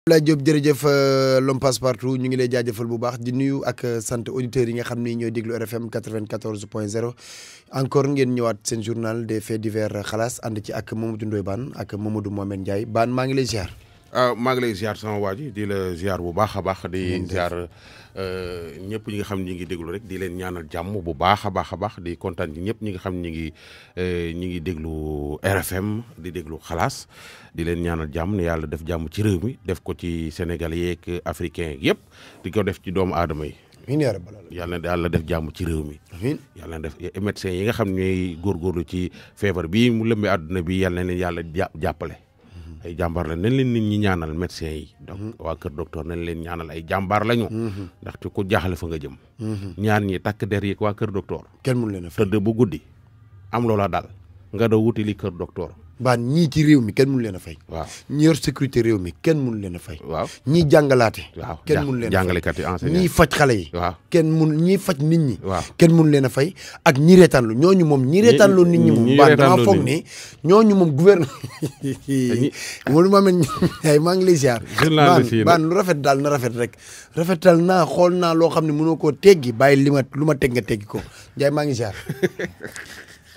Abdoulaye Diop jërëjëf euh, l'homme passe partout ñu ngi lay jaajëfal bu baax di nuyu ak euh, sant auditeurs yi nga xam ni ñooy déglu RFM 94 point 0 encore ngeen ñëwaat seen journal des faits divers euh, xalaas ànd ci ak Mamadou Ndoye Bane ak Mamadou Mohamed Ndiaye baan maa ngi lay ziar. ah maa ngi lay ziar sama waa ji di la ziar bu baax a baax di ziar euh, ñëpp ñu nga xam ñi ngi déglu rek di leen ñaanal jàmm bu baax baax a di kontaan ñëpp ñi nga xam ñu ngi euh, ñi ngi déglu RFM di déglu xalaas di leen ñaanal jàmm ne yàlla def jàmm ci réew mi def ko ci Sénégal yeeg africain yëpp di ko def ci doomu aadama yi yàlla na def jàmm ci réew mi yàlla médecin yi nga xam ni ñooy góorgóorlu ci feebar bii mu lëmbee àdduna bi yàlla na leen yàlla jàppale ay jàmbaar la nañ leen nit ñi ñaanal médecin yi donc mhm. waa kër docteur nañ leen ñaanal ay jàmbaar lañu mhm. ndaxte ko jaaxle fa nga jëm mhm. ñaan ñi takk der yi waa kër docteur kenn mun leen a tëdd bu guddi am loola daal nga daw wuti li kër docteur baan ñii ci réew mi kenn mun leen a fay. waaw ñi yor sécurité réew mi kenn mënu leen a fay. waaw ñii jàngalaate. waaw kenn mënu leen a fay jàngalekat yi enseignant ñii faj xale yi. waaw kenn mun ñii faj nit ñi. waaw kenn mun leen a fay ak ñi reetaanlu ñooñu moom. ñii reetaanlu nit ñi moom baan damaa foog ni ñooñu moom gouvernement. wala maa mel ni maa ngi lay ziar. baan baan lu rafet daal na rafet rek. rafetal naa xool naa loo xam ne mënoo koo teggi bàyyi li ma lu ma teg nga teggi ko Ndiaye maa ngi ziar.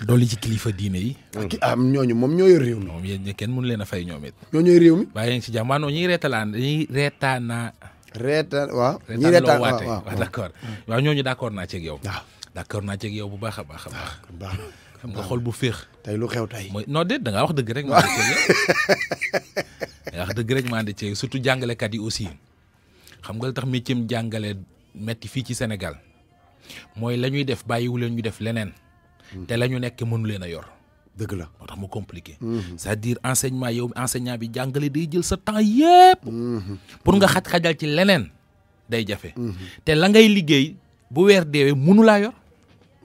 dolli ci kilifa diine yi. ak am moom ñoo yor réew mi. moom kenn mënu leen fay ñoom it. ñoo ñooy réew mi. bàyyi leen ci jàmm waaw non ñiy reetalaan ñiy reetaanaa. reetaan waaw ñiy reetaan waaw waaw ñooñu d' naa ci ak yow. waaw d' naa ci ak bu baax a baax a baax. Ah, xam nga xol bu féex. tey lu xew tey. mooy non déet wax dëgg rek. maa wax dëgg rek surtout jàngalekat yi aussi xam nga li tax métier jàngale metti fii ci senegal mooy lañuy def bàyyiwu leen ñu def leneen te la ñu nekk mënu leen a yor. dëgg la moo tax mu compliqué. Mhm. cest à enseignement yow enseignant bi jàngale day jël sa temps yépp. Mhm. pour nga xaj-xajal ci leneen day jafe. Mhm. te la ngay liggéey bu weer deewee mënu laa yor.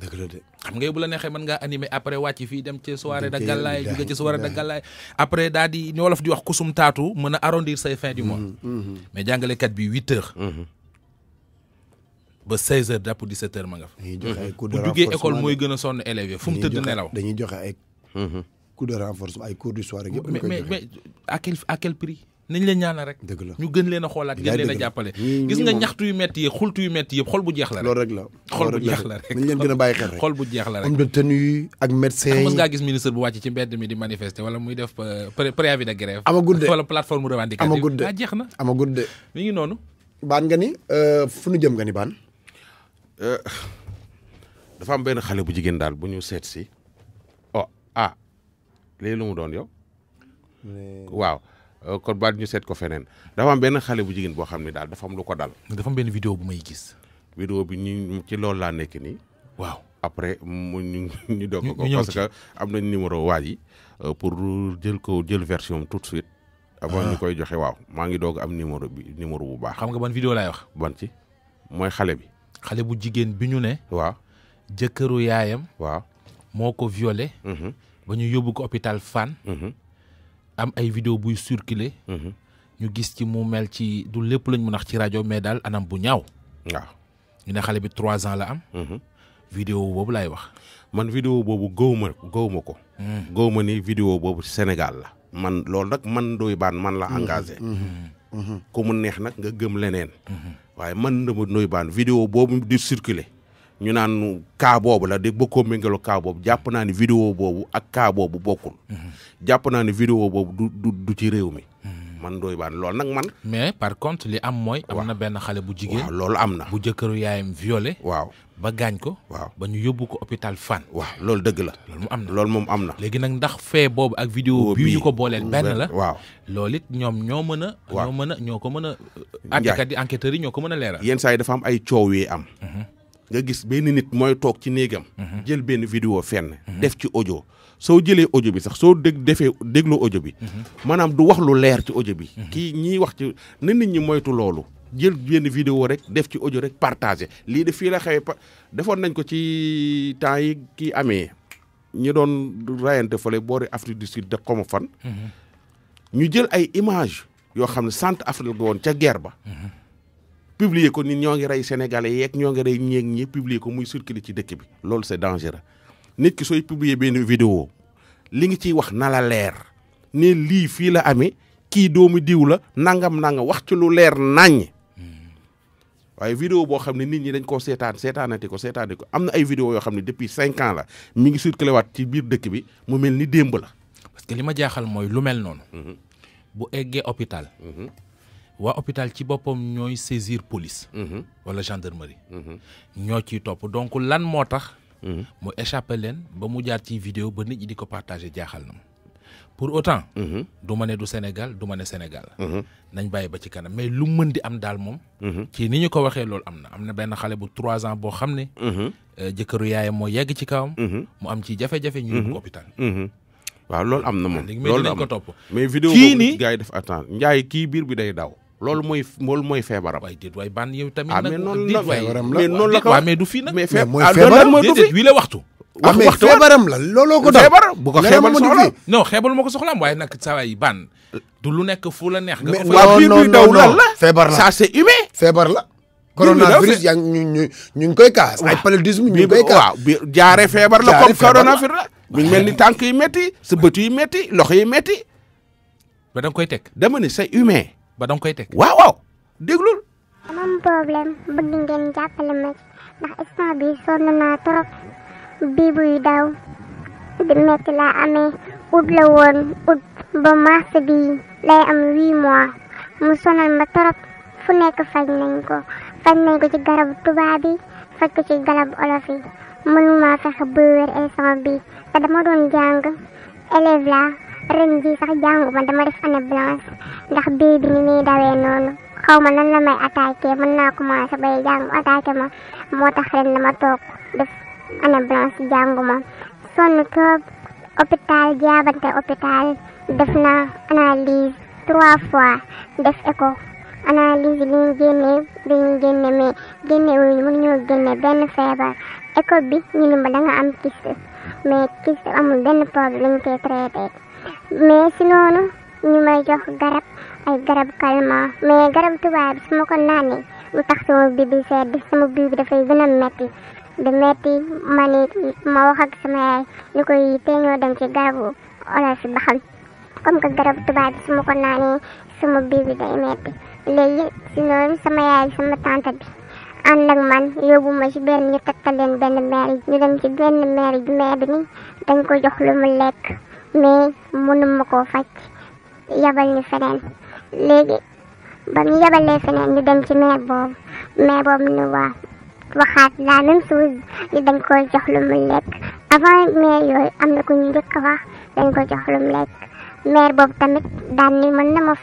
dëgg la de. xam nga bu la neexee mën ngaa animé après wàcc fii dem ci soirée da gàllaay jóge ci soirée da gàllaay après daa di ñi wolof di wax kusum taatu mën a arrondir say fin du mois. mais jàngalekat bi huit heures. ba 16 heures jàpp 17 heures ma nga fa. bu duggee école mooy gën a sonn élèves yi fu tëdd nelaw. dañuy joxe ay. Mhm. coup de renforcement ay cours du soir ak yëpp mais mais à quel nañ leen ñaanal rek. dëgg ñu gën leen a xoolaat gën a jàppale. gis nga ñaxtu yu metti yi xultu yu metti bu jeex la loolu rek la xol bu gën bàyyi xel rek bu jeex la rek. am na tenue ak médecin yi gis ministre bu wàcc ci mbedd mi di manifester wala muy def euh, préavis de grève. amagul de wala plateforme revendicative. amagul de ah, jeex na amagul de. mi ngi noonu. baan nga ni euh, fu nu jëm nga ni baan. Euh, dafa am benn xale bu jigéen daal bu ñu seet si oh ah léegi lu mu doon yow. waaw euh, kon baat ñu seet ko feneen dafa am benn xale bu jigéen boo xam ne daal dafa am lu ko dal. dafa am benn vidéo bu may gis. vidéo bi ñu ci loolu laa nekk nii. waaw après mu ñu ñu doog ko am nañ numéro waa ji euh, pour jël ko jël version tout de suite. avant ñu ah. koy joxe waaw maa ngi doog am numéro bi numéro bu baax. xam nga ban vidéo laay wax. ban ci mooy xale bi. xale bu jigéen bi ñu ne. waaw jëkkëru yaayam. waaw moo ko violé. Mm-hmm. ba ñu yóbbu ko hôpital Fann. Mm-hmm. am ay vidéo buy circuler. Mm-hmm. ñu gis ci mu mel ci du lépp lañ mun a ci rajo mais daal anam bu ñaaw. waaw ñu ne xale bi trois ans la am. video boobu laay wax. man vidéo boobu gëw ma gëw ko. Mm. gëw ma ni video boobu Sénégal la. man loolu nag man doy baan man la engagé. ku mu neex nag nga gëm leneen. waaye man dama nuyu baan vidéo boobu di circuler ñu naan cas boobu la di bëggoo méngaloo cas jàpp naa ni vidéo boobu ak cas boobu bokkul. jàpp naa ni vidéo boobu du du ci réew mi. man doy baan loolu nag man. mais par contre li am mooy. am na benn xale bu jigéen. loolu am na. bu jëkkëru yaayam violé. waaw ba gaañ ko. waaw ba ñu yóbbu ko hôpital Fann. waaw loolu dëgg la. loolu moom am na loolu moom am na. léegi nag ndax fee boobu ak. vidéo bii ñu ko booleel benn la. waaw loolu it ñoom ñoo mën a. ñoo mën a ñoo ko mën a. àttekat yi enquêteurs yi ñoo ko mën a leeral. yenn saa yi dafa am ay coow yi am. Mhm. nga gis benn nit mooy toog ci néegam. Mhm. jël benn vidéo fenn. Mhm. def ci audio soo jëlee audio bi sax soo dégg defee déglu audio bi. maanaam du wax lu leer ci audio bi. kii ñiy wax ci ni nit ñi moytu loolu. jël benn vidéo rek def ci ojo rek partage lii de fii la xewee pa defoon nañ ko ci temps yi kii amee ñu doon rayante fële boori Afrique du Sud de xoma fan. Mhm. ñu jël ay image yoo xam ne centre Afrique ga woon ca guerre ba. Mhm. publier ko nit ñoo ngi rey sénégalais yeeg ñoo ngi rey ñeeg ñi publier ko muy circuler ci dëkk bi loolu c'est dangereux nit ki sooy publier benn vidéo li nga ciy wax nala leer ni lii fii la ame kii doomu diw la nangam nanga wax ci lu leer naññ. waaye vidéo boo xam ne nit ñi dañ koo seetaan seetaanati ko seetaanati ko am na ay vidéo yoo xam ne depuis cinq ans la mi ngi circulé waat ci biir dëkk bi mu mel ni démb la. parce que li ma jaaxal mooy lu mel noonu. Mhm. bu eggee hôpital. Mhm. waa hôpital ci boppam ñooy saisir police. Mhm. wala gendarmerie. ñoo ciy topp donc lan moo tax. mu échappé leen ba mu jaar ci vidéo ba nit ñi di ko partagé jaaxal na ma. pour autant. Mhm. du ma ne du Sénégal du ma ne Sénégal. Mhm. nañ bàyyi ba ci kanam mais lu mën di am daal moom. Mhm. ci ni ñu ko waxee loolu am na am na benn xale bu trois ans boo xam ne. Euh, jëkkëru yaay moo yegg ci kawam. mu am ci jafe-jafe ñu yóbbu ko hôpital. waaw loolu am na moom. loolu am ko topp mais vidéo boobu gars yi def attendre njaay kii biir bi day daw. loolu mooy loolu mooy feebaram. waaye déet waay ban yow tamit. ah mais la feebaram la du fii nag. mais ah, feebaram mooy du wii la waxtu. ah waxtu feebaram la looloo ko dal feebar bu ko xeebal soxla non xeebal ma ko soxlaam waaye nag saa yi ban du lu nekk fu la neex. nga ko fa biir buy daw lan la feebar la ça c'est humain feebar la. coronavirus yaa ngi ñu ñu ngi koy kaas. ay paludisme ñu ngi koy kaas waaw bi jaare feebar la comme coronavirus la. mi ngi mel ni tànk yi métti sa bët yi métti loxo yi métti. ba da koy teg dama ne c'est humain. ba da koy teg waaw waaw déglul. am problème bëgg ngeen jàppale ma nah, ndax instant bii sonn naa trop. bii buy daw di métti laa amee ut la woon ut ba mars bi lay am huit mois mu sonal ma torop fu nekk faj nañ ko faj nañ ko ci garabu tubaab bi ko ci garabu olof yi mënuma fexe ba wér instant bi te dama doon jàng élève la ren ji sax jàngu ma dama def année blanche ndax bii bi ni muy dawee noonu xaw ma la may attaqué mën naa commencé bay jàngu attaqué ma moo tax ren dama toog ana Blanche jàngu ma sonn trop hôpital jaabante hôpital def na analyse trois fois def écho analyse li ñu génnee li ñu génne ñu mënuñoo benn feebar écho bi ñu ne ma da nga am kyste mais kyste amul benn problème lañ koy traité mais si noonu ñu may jox garab ay garab calmant mais garab tubaab bi su ma ko naanee tax sama biir bi sedd sama biir bi dafay gën a du metti ma ni ma wax ak sama yaay ni koy dem ci garabu olas ba xam comme que garab tubaab bi su ma ko naanee sama biir bi day metti léegi si noonu sama yaay sama tante bi ànd ak ma ci benn ñu takkal leen benn dem ci benn meer bi meer ko jox lu mu lekk ma koo faj yabal ñu feneen léegi ba mu dem ci meer boobu meer boobu ni waa waxaat la même chose ni dañ jox lu lekk avant maire yooyu am na ku ñu njëkk a wax dañ ko jox lu mu lekk maire boobu tamit daan ni mën na ma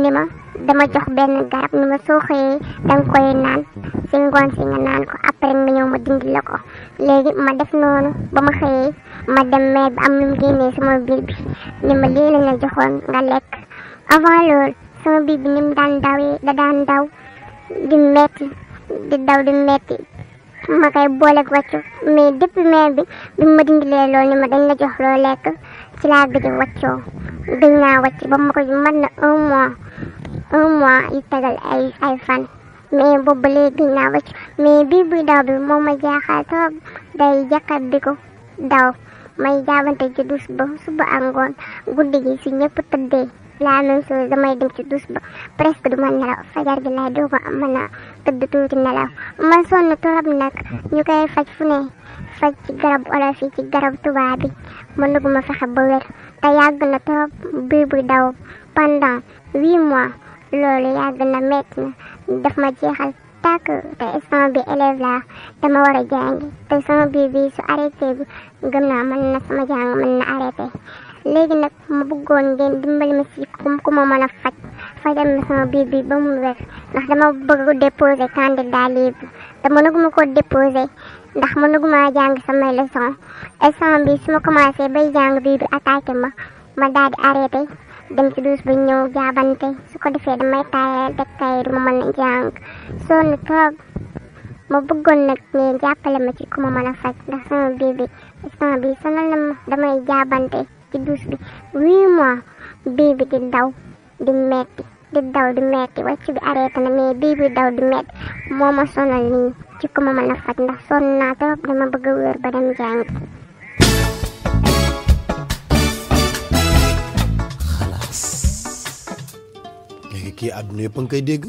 ni ma dama jox benn garab ni ma soo da nga koy naan si ngoon si nga naan ko après nga ñëw ma dindi ko léegi ma def noonu ba ma xëyee ma dem maire bi am lu mu génnee sama ni ma lii joxoon nga lekk avant loolu sama biir bi da daan daw di di daw di metti ma koy booleeg wàccu mais depuis mai bi bi ma dindilee loolu ma dañ la jox lekk ci laa gëj a wàccoo gëj ba ma ko mën na un mois un mois yu tegal ay ay fan mais boobu ba léegi gëj naa wàcc mais bii buy daw bi moom ma jaaxal trop day jàkkaat bi ko daw may jaabante ci dus ba suba ak ngoon guddi gi si ñëpp tëddee laa même chose damay dem ci douche ba presque du ma nelaw fajar gi laay doo ko am mën a tëdd tuuti nelaw ma sonn torop nag ñu koy faj fu faj ci garab olof yi ci garab tubaab bi mënuguma fexe ba wér te yàgg na torop biir bi daw pendant huit mois loolu yàgg na métti na daf ma jeexal tàkk te instant bi élève laa dama war a jàngi te sama biir bi su arrêté bi gëm naa mën na sama jàng mën na arrêté léegi nag ma bëggoon ngeen dimbali ma si ku ku ma mën a faj fajal ma sama biir bi ba mu wér ndax dama bëgg déposer candidat libre te mënaguma ko déposer ndax mënaguma jàng samay leçon instant bi su ma commencé bay jàng biir bi attaqué ma ma daal di arrêté dem ci douche ba ñëw jaabante su ko defee damay taayal teg tay du ma mën a jàng sonn trop ma bëggoon nag ngeen jàppale ma ci ku ma mën a faj ndax sama biir bi instant bi na ma damay jaabante kidus bi wima bibi di daw di meti di daw di metti waccu bi arrêté na mais bibi daw di metti moo ma sonal nii ci ko ma mën a fat ndax sonn naa trop dama bëgg a wér ba dem jàng xalaas léegi kii àdduna yëpp nga koy dégg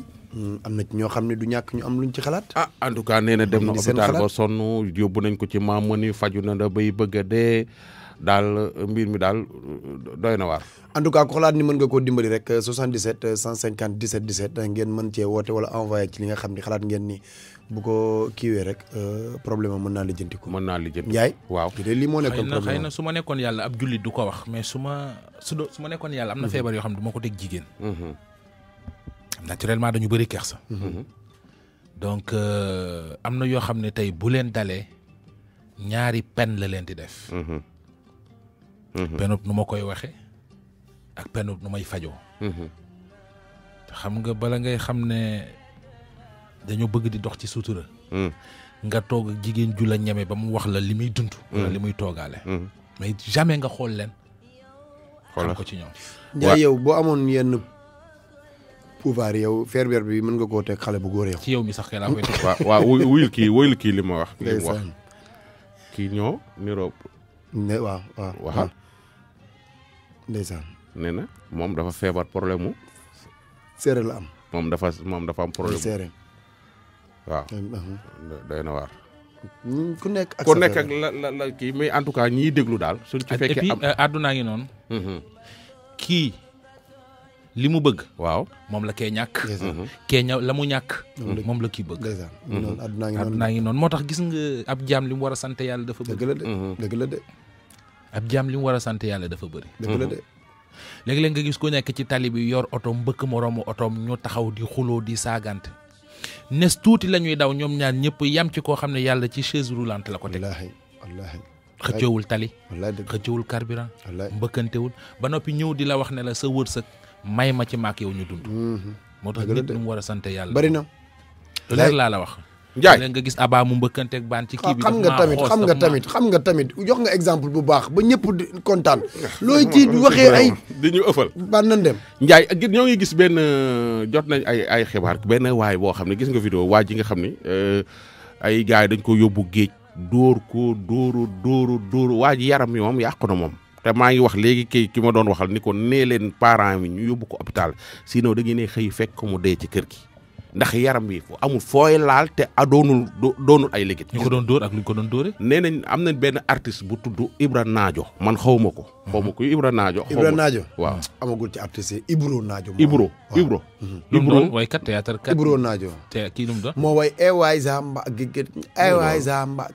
ci ño xam du ñak ñu am luñ ci xalaat. ah en tout cas neena dem na hôpital ba sonu yobbu nañ ko ci mamani faju na da bay bëgg de daal mbir mi dal doy na waar. en tout cas ku xalaat ni mën nga koo dimbali rek 77 150 17 17 ngeen mën cee woote wala envoyé ci li nga xam ni xalaat ngeen ni bu ko kiiwee rek euh, problème am mën naa lijjanti ko. mën naa lijjanti Ndiaye. waaw te de lii moo nekkoon problème xëy na su ma nekkoon yàlla ab jullit du ko wax mais su ma su su ma nekkoon yàlla am na mhm. feebar yoo xam ne du ma ko teg jigéen. Mhm. naturellement dañu bëri kersa. Mhm. donc euh, am na yoo xam ne tey bu leen dalee ñaari pen la leen di def. Mhm. penub nu ma koy waxe ak penub nu may fajo mhm. xam nga bala ngay xam ne dañoo bëgg di dox ci suutura mhm. nga toog ak jigéen jula la ñeme ba mu wax la li muy dund li muy toogaale mais jamais nga xool leen xool ko ci ñoom njaay yow boo amoon yenn pouvoir yow ferber bi mën nga koo teg xale bu góor yow ci yow mi sax kay laa koy teg waaw wuyul kii li ma wax li mu wax kii ñoo niroo ne ndeysaan nee na moom dafa feebar problème mu. séeréer la am. moom dafa moom dafa am problème mu séeréer. waaw. Uh-huh. doy na waar. ku nekk ak ku nekk ak la la kii mais en tout cas ñiy déglu daal. suñ ci fekkee am euh, àdduna ngi noonu. Mm-hmm. kii li mu bëgg. waaw moom la kee ñàkk. Mm-hmm. kee ña la mu ñàkk. moom la kii bëgg. Mm-hmm. àdduna ngi noonu ngi noonu moo tax gis nga ab jaam li mu war a sant yàlla dafa bëgg. dëgg la de. ab jaam li mu war a sant yàlla dafa bëri. dëgg la léeg-léeg nga gis ko nekk ci tali bi yor otoom mbëkk moroomu otoom ñu taxaw di xuloo di saagante nes tuuti la ñuy daw ñoom ñaar ñëpp yam ci koo xam ne yàlla ci chaise roulante la ko teg. wallaahi wallaahi. xëccewul tali. xëccewul carburant. mbëkkantewul ba noppi ñëw di la wax ne la sa wërsëg may ma ci maak yow ñu dund. moo tax nit mu war sant yàlla. bari na leer laa la wax. Ndiaye léegi nga gis abaa mu mbëkkanteeg baan ci kii bi xam nga tamit xam nga tamit xam nga tamit jox nga exemple bu baax ba ñëpp kontaan looy ci waxee ay dañu ëffal ban na dem njaay ak ñoo ngi gis benn jot nañ ay ay xibaar benn waay boo xam ne gis nga vidéo waa ji nga xam ne euh, ay gars yi dañ ko yóbbu géej door ko dóoru dóoru dóoru waa yaram yi moom yàqu na moom te maa ngi wax léegi kii ki ma doon waxal ni ko neleen parent parents mi ñu yóbbu ko hôpital sinon da ngeen ne xëy fekk mu dee ci kër gi ndax yaram wi fu amul fooy laal te a doonul doonul ay liquide. ñu ko doon door ak ñu ko doon dóoree. nee nañ am nañ benn artiste bu tudd Ibra Naajo. man xaw ma ko. Mhm. xaw Ibra Naajo. Ibra Naajo waaw. Mhm. amagul ci artiste yi Ibro Naajo. Ibro Ibro. Mhm. lu mu doon way kat théâtre kat Ibro Naajo. moo way ewaay Zamba gi gi ewaay Zamba.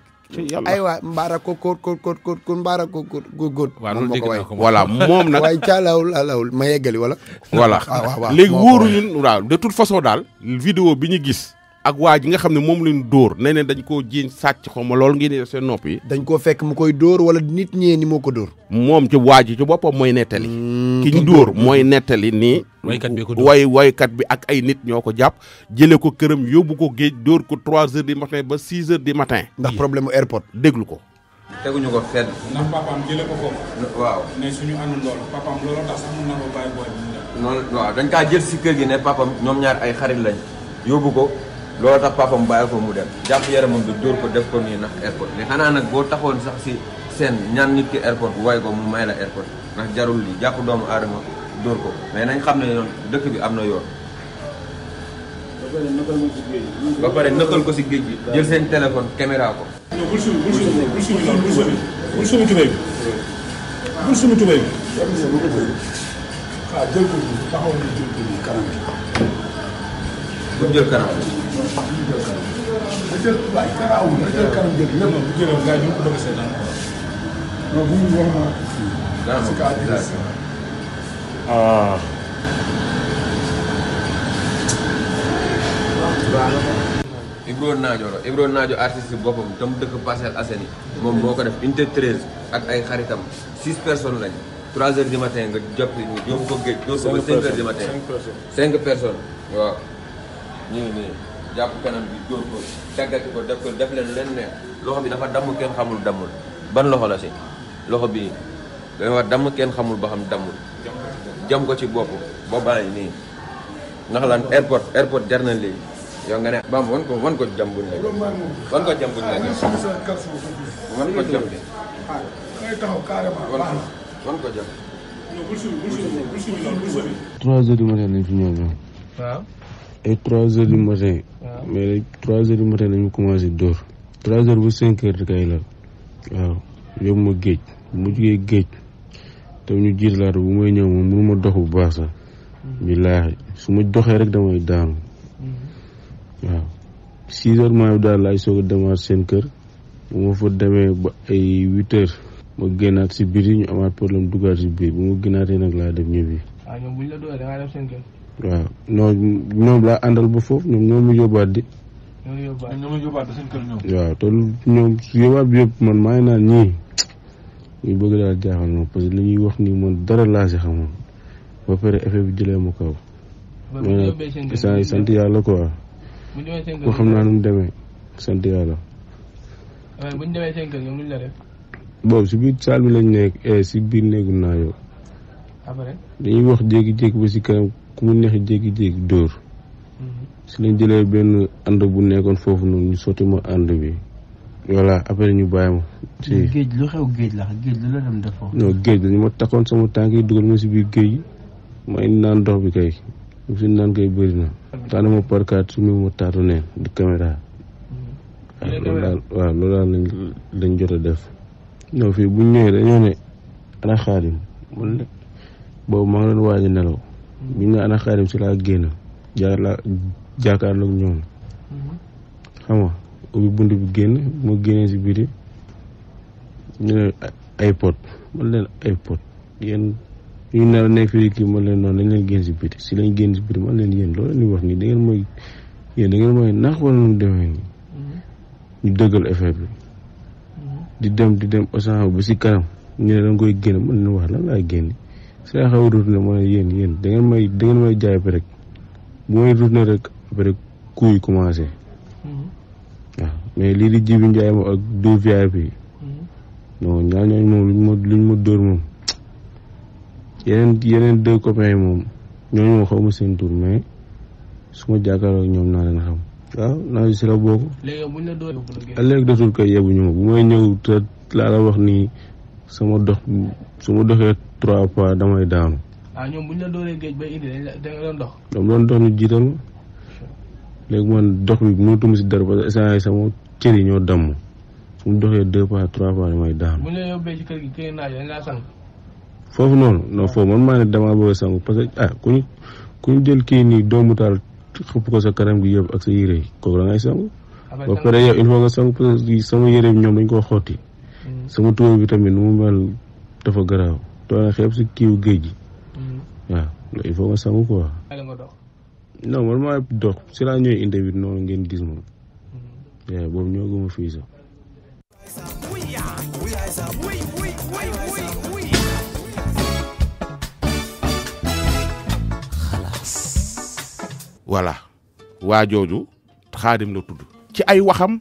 aywa mbaara ko kóor kóor kóor kóor kóor mbaara ko kóor góor góor moom moo ko way voilà moom nag waaye caalawul alawul ma yeggali wala voilà ah, léegi wóoruñun waaw de toute façon daal vidéo bi ñu gis ak waa ji nga xam ne moom lañ dóor ne ne dañ koo jiiñ sàcc xaw ma loolu ngeen di seen nopp yi dañ koo fekk mu koy dóor wala nit ñee ni moo ko dóor moom ci waa ji ci boppam mooy nettali mm. ki ñu dóor mooy nettali nii way waykat bi ak ay nit ñoo ko jàpp jële ko këram yóbbu ko géej dóor ko trois heures du matin ba six heures di matin ndax problème mu airport déglu ko teguñu ko fenn ndax papaam jële ko foofu waaw ne suñu àndandoo la papaam loolu tax sax mën na dañ kaa jël si kër gi ne papaam ñoom ñaar ay xarit lañ yóbbu ko loolu tax papam bàyyi ko mu dem jàpp yaramam bi dóor ko def ko nii ndax airport li xanaa nag boo taxoon sax si seen ñaan nit ki airport way ko mu may la airport ndax jarul lii jàpp doomu aadama dóor ko mais nañ xam ne yoon dëkk bi am na yoon ba pare nëkkal ko si géej gi jël seen téléphone caméra ko bul suñu bul suñu bul suñu bu jël kanam jël waaye garaawul na jël a seetaan Ibro Naajo artiste boppam tam dëkk Parcelles Assainies moom moo ko def unité 13 ak ay xaritam 6 personnes lañ 3 heures du matin nga jot yóbbu ko géej. 5 personnes waaw jàpp kanam bi góor ko daggati ko def ko def leen leen neex loxo bi dafa damm kenn xamul dammul ban loxo la si loxo bi dafa damm kenn xamul ba xam dammul jam ko ci bopp ba bàyyi nii ndax lan airport airport jar na léegi nga ne bam wan ko wan ko jam bu nekk wan ko jam bu nekk wan ko jam bi wan ko jam 3 heures du matin lañ fi ñëw waaw ay 3 heures du hmm. matin ah. mais 3 heures du matin lañu commencé dóor 3 heures bu 5 heures kay la waaw yóbbu ma géej bu ma jugee géej tam ñu jiit laata bu may ñëw moom ma dox bu baax sax hmm. billaahi su ma doxee rek damay daanu hmm. waaw 6 heures maa daal laay soog a seen kër bu ma fa demee ba ay 8 heures ma génnaat si biir ñu amaat problème dugaat si biir bu ma génnaatee nag laa dem ñibbi waaw ah, ñoom buñ la da seen kër waaw noonu ñoom laa àndal ba foofu ñoom ñoo mu di. ñoo ma ñoom. waaw te bi yëpp man maa ngi naan ñii ñu bëgg daal jaaxal moom parce que li ñuy wax nii man dara laa si xamoon ba pare effet bi jëlee ma kaw. ba bu ñu sant yàlla quoi. bu ñu xam naa nu mu demee sant yàlla. boobu si biir saal bi lañ nekk eh, si biir néegu naa yow. dañuy wax jékki-jékki ba si kanam. ku mu neex jékki-jékki dóor si lañ jëlee benn ànd bu nekkoon foofu noonu ñu sotti ma ànd bi voilà après ñu bàyyi ma géej lu la ma takkoon sama tànki yi dugal ma si biir géej gi may naan dox bi kay mu si naan kay bëri na tànn ma parkaat su ma taatu neen di caméra loolu daal waaw loolu daal lañ jot a def non fii bu ñu ñëwee dañoo ne ana xaadim boobu maa ngi doon waaj nelaw bi nga ana bi si laa génn jaala jàkkaarloog ñoom xam nga ubbi bunt bi génn moo génnee si biti ñu ne ay pot man leen ay pot yéen ñu ne nekk fii leen noonu dañ leen génn si biti si lañ génn si biti man leen yéen loolu ni wax nii da mooy yéen da ngeen mooy nax wala nu demee nii ñu dëggal effet bi mm-hmm. di dem di dem osan ba si kanam ñu ne dañ koy génn man leen wax lan laay génn seen xew ruus la mooy yéen yéen da ngeen may da ngeen may jaay ba rek bu may ruus na rek après kuy mm-hmm. waaw mais lii di jibi njaay moom ak du VIP bi. Mm-hmm. non ñaar ñooñu moom luñ dóor moom yeneen yeneen deux copains yi moom ñooñu moom xaw ma seen tur mais su ma jàkkaarloo ñoom naa leen xam. waaw naa si la bokk. léegi buñ la kay yebuñu ma bu may ñëw laa la wax nii. sama dox su ma doxee trois pois damay daanu. ah ñoom bu ñu la doolee géej ba indi dañ dox. dama doon dox léegi man dox bi mënatuma si dara parce que sama cër yi ñoo damm su ma doxee deux pas trois pas damay daanu. laa sang. foofu noonu non foofu man maa ne damaa bëgg sangu parce que ah ku ñu ku ñu jël kii nii doomu taal xëpp ko sa kanam gi yëpp ak sa yére yi kooku da sangu. Ah, ba pare yow il faut nga sangu parce que sama yére ñoom dañ koo xotti. sama tuuma bi tamit nu mu mel dafa garaaw doona xeeb si kiiw géej gi mm. il faut ma sangu quoi non man maa dox si laa ñëwee interview noonu ngeen gis moom mm. boobu ñoo xaadim la tudd ci ay waxam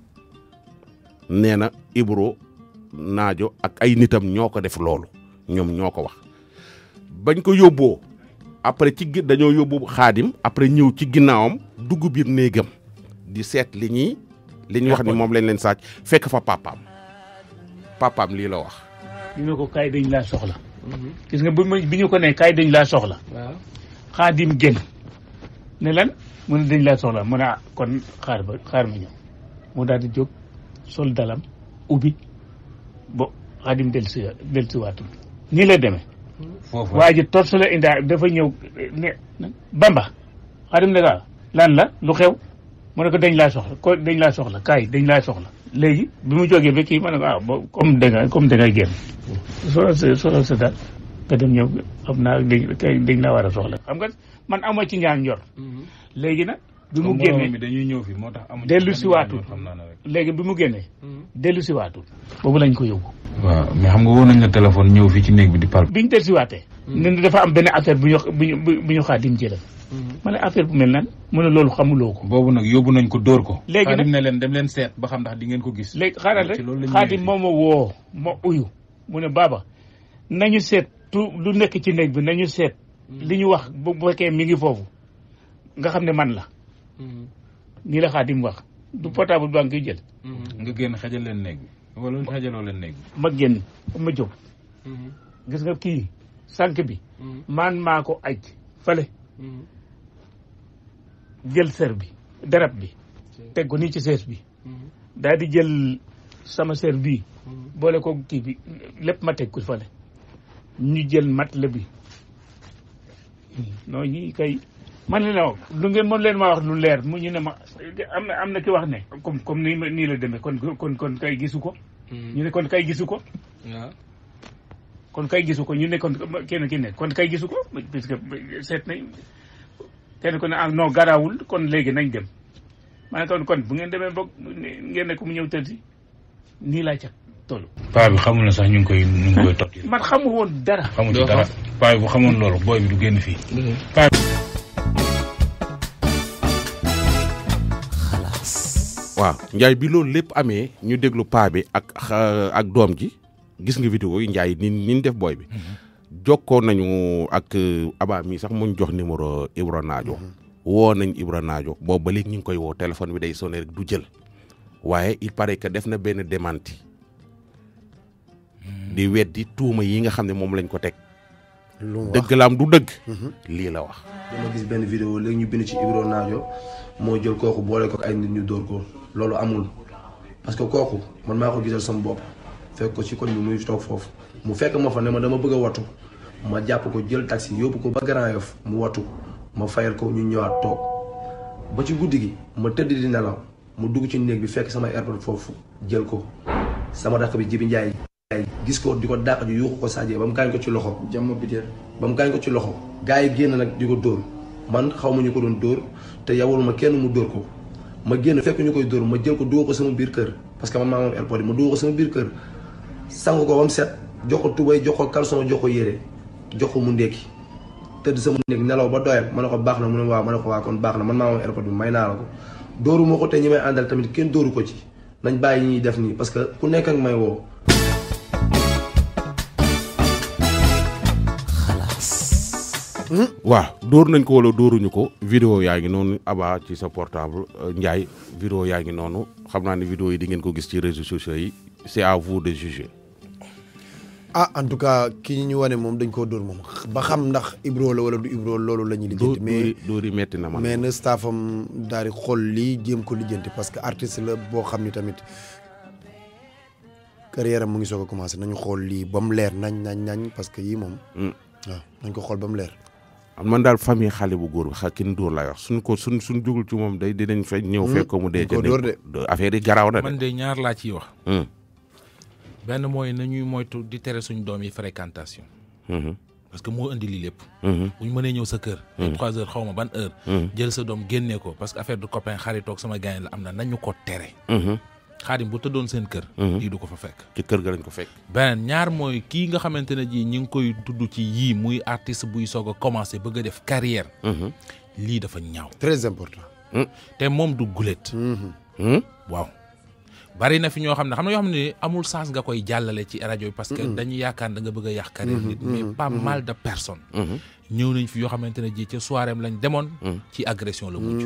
nee na naajo ak ay nitam ñoo ko def loolu ñoom ñoo ko wax bañ ko yóbboo après ci gi dañoo yóbbu xaadim après ñëw ci ginnaawam dugg biir néegam di seet li ñuy li ñuy wax ni moom lañ leen sàcc fekk fa papaam papaam lii la wax ñu ne ko kaay dañ laa soxla gis nga bi ñu ko ne kaay dañ laa soxla xaadim génn ne lan mu dañ laa soxla mu ne ah, kon xaar ba xaar ba ñëw mu daal jóg sol dalam ubbi bon xadim del si del si waatul ni la demee foofu waa ji torsu la indaa dafa ñëw ne bamba xadim ne daal lan la lu xew mu ne ko dañ laa soxla ko dañ laa soxla kaay dañ laa soxla léegi bi mu jógee ba kii ma ne ko ah bo comme da nga comme da nga génn solal sa solal sa daal nga dem ñëw xam naa dañ dañ laa war a soxla xam nga man ama ci ñaan njor mm-hmm. léegi nag bi mu génne dañuy ñëw fi moo tax amuñu dellu si waatul léegi bi mu génnee hmm. dellu si waatul boobu lañ ko yóbbu waaw mais xam nga woon nañ la téléphone ñëw fii ci néeg bi di parle bi ñu dellu si waatee hmm. ne am benn affaire bu ñu bu ñu xaadim ci def hmm. ma ne affaire bu mel nan mu ne loolu xamuloo ko boobu nag yóbbu nañ ko dóor ko léegi nag ne leen dem leen seet ba xam ndax di ngeen ko gis léegi xaaral rek xaadim moo ma woo ma uyu mu ne baaba nañu seet tu lu nekk ci néeg bi nañu seet li ñu wax bu fekkee mi ngi foofu nga xam ne man la nii la xaatim wax du portable baa jël. Mm-hmm. nga génn xajal leen néeg bi wala xajaloo leen néeg bi. ma génn ma jóg. Mm-hmm. gis nga kii sànq bi. Mm-hmm. man maa ko aj fale jël ser bi darab bi. teg ko nii ci sees bi. daal jël sama ser bii. boole ko kii bi lépp ma teg ko fale ñu jël mat la bi. non ñii kay. man ne non lu ngeen mën leen maa wax lu leer mu ñu ne ma am na am na ki wax ne. comme comme nii nii la demee kon kon kon kay gisu ko. Hmm. ñu ne kon kay gisu ko. kon kay gisu ko ñu ne kon kenn ki ne kon kay gisu ko parce que seet nañ kenn ku ne ah non garaawul kon léegi nañ dem ma ne kon kon bu ngeen demee boog ngeen ne ku mu ñëw tëddi nii laa ca toll. paa bi xamul na sax ñu ngi koy ñu ngi man xamu woon dara. xamul dara paa bi bu xamoon loolu booy bi du génn fii. Mm-hmm. waaw Ndiaye bi loolu lépp amee ñu déglu paa bi ak ak doom ji gis nga vidéo yi Ndiaye ni ni def booy bi mm-hmm. jokkoo nañu ak euh, abaa mi sax muñ jox numéro euh, Ibra Naajo mm-hmm. woo nañ Ibra Naajo boobu ba léegi ñu ngi koy woo téléphone bi day sonné rek du jël waaye il paraît que def na benn démenti mm-hmm. di weddi tuuma yi nga xam ne moom lañ ko teg dëgg laam du dëgg lii la wax dama gis benn vidéo léegi ñu bind ci Ibra Naajo moo jël kooku boole ko ay nit ñu dóor ko loolu amul parce que kooku man maa ko gisal sama bopp fekk ko ci koñ bi muy toog foofu mu fekk ma fa ne ma dama bëgg a wattu ma jàpp ko jël taxi yóbbu ko ba Grand yof mu wattu ma fayal ko ñu ñëwaat toog ba ci guddi gi ma tëdd di nelaw mu dugg ci néeg bi fekk sama airport foofu jël ko sama rakk bi Jibi Njaay gis ko di ko dàq ju yuuxu ko Sadio ba mu gaañ ko ci loxo jàmm bi ba mu gaañ ko ci loxo gars yi génn nag di ko dóor man xaw ma ñu ko doon dóor te yawul ma kenn mu dóor ko ma génn fekk ñu koy dóor ma jël ko dugal ko sama biir kër parce que man maa moom airport yi ma dugal ko sama biir kër sang ko ba set jox ko tubay jox ko caleçon jox ko yére jox ko mu ndékki tëdd sama néeg nelaw ba doyal ma ne ko baax na mu ne waaw ma ne ko waa kon baax na man maa moom airport bi may naa la ko dóoru ma ko te ñi may àndal tamit kenn dóoru ko ci nañ bàyyi ñuy def nii parce que ku nekk ak may woo waaw dóor nañ ko wala dóoruñu ko vidéo yaa ngi noonu Aba ci sa portable euh, Ndiaye vidéo yaa ngi noonu xam naa ni vidéo yi di ngeen ko gis ci réseaux sociaux yi c'est à vous de juger ah en tout cas ki ñu wane moom dañ koo dóor moom ba xam ndax Ibro la wala du Ibro loolu la ñuy lijjanti mais dóor yi metti na ma mais na staffam xool lii jëm ko lijjanti parce que artiste la boo xam ni tamit carrière am mu ngi soog a commencé nañu xool lii ba mu leer nañ nañ nañ parce que yii moom dañ hmm. ko xool ba leer man daal famille xale bu góor bi xa kin dóor lay wax suñ ko suñ suñ jugul ci moom day dinañ fe ñëw hmm? fekk ko mu dee ca affaire yi garaaw na de man de ñaar laa ciy wax hmm. benn mooy mooy moytu di tere suñu doom yi fréquentation hmm. parce que moo indi lii lépp bu ñu mënee ñëw sa kër ay trois heures xaw ma ban heure jël sa doom génnee ko parce que affaire de copain xaritoog sama gaañ la am na nañu ko tere xaadim bu tëddoon seen kër. Mhm. lii du ko fa fekk. ci kër ga lañ ko fekk. beneen ñaar mooy kii nga xamante ne jii ñu ngi koy tudd ci yii muy artiste buy soog a commencé bëgg a def carrière. Mhm. lii dafa ñaaw. très important. Hmm. te moom du gulet. Mhm. Hmm? waaw. bari na fi ñoo xam ne xam na yoo xam ne amul sens nga koy jàllale ci rajo yi parce que hmm. dañuy yaakaar da nga bëgg a yàq carrière nit mais pas mal de personnes ñëw nañ fi yoo xamante ne ji ca soirée lañ demoon ci agression la mujj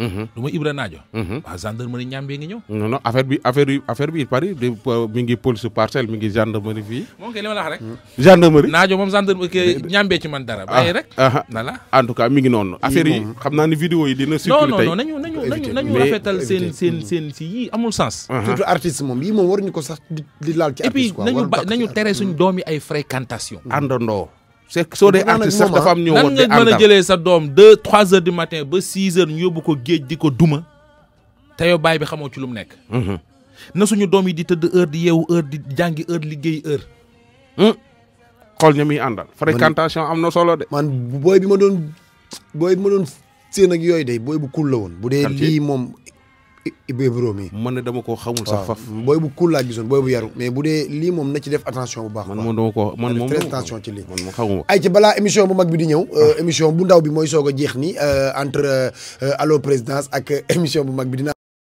du mm-hmm. ma Ibra Naajo. Mm-hmm. waa gendarmerie ñambee ngi ñëw. non non affaire bi affaire bi affaire bi il paraît mi ngi police parcelle mi ngi fii. moom kay li ma la rek. Mm. gendarmerie Naajo moom gendarmerie ñambee ci man dara. bàyyi ah, rek ah, ah. voilà. en tout cas mi ngi noonu. affaire yi xam naa ni vidéo yi dina. circuler tey non non nañu rafetal seen seen mm. seen si yii amul sens. surtout artiste moom yii moom waruñu ko sax di laal ci artiste quoi. et puis nañu suñu doom yi ay fréquentation. àndandoo. c'est soo dee artiste sax ah. dafa am ñoo nan nga mën a jëlee sa doom deux trois heures du matin ba six heures ñu yóbbu ko géej di ko duma te yow baay bi xamoo ci lu mu nekk mm-hmm. na suñu doom yi di tëdd heure di yeewu heure di jàngi heure liggéey heure mm. xool ña muy àndal fréquentation am na solo de man booy bi ma doon booy bi ma doon seen yooyu de booy bu kul la woon bu dee lii moom Ibro mi man ne dama koo xamul sax faf booy bu kul laa gisoon booy bu yaru mais bu dee lii moom na ci def attention bu baax man moom dama ko man moom très attention ci lii man moom xamuma ay ci balaa émission bu mag bi di ñëw ah. euh, émission bu ndaw bi mooy soog a jeex ni euh, entre euh, allo présidence ak émission bu mag bi dina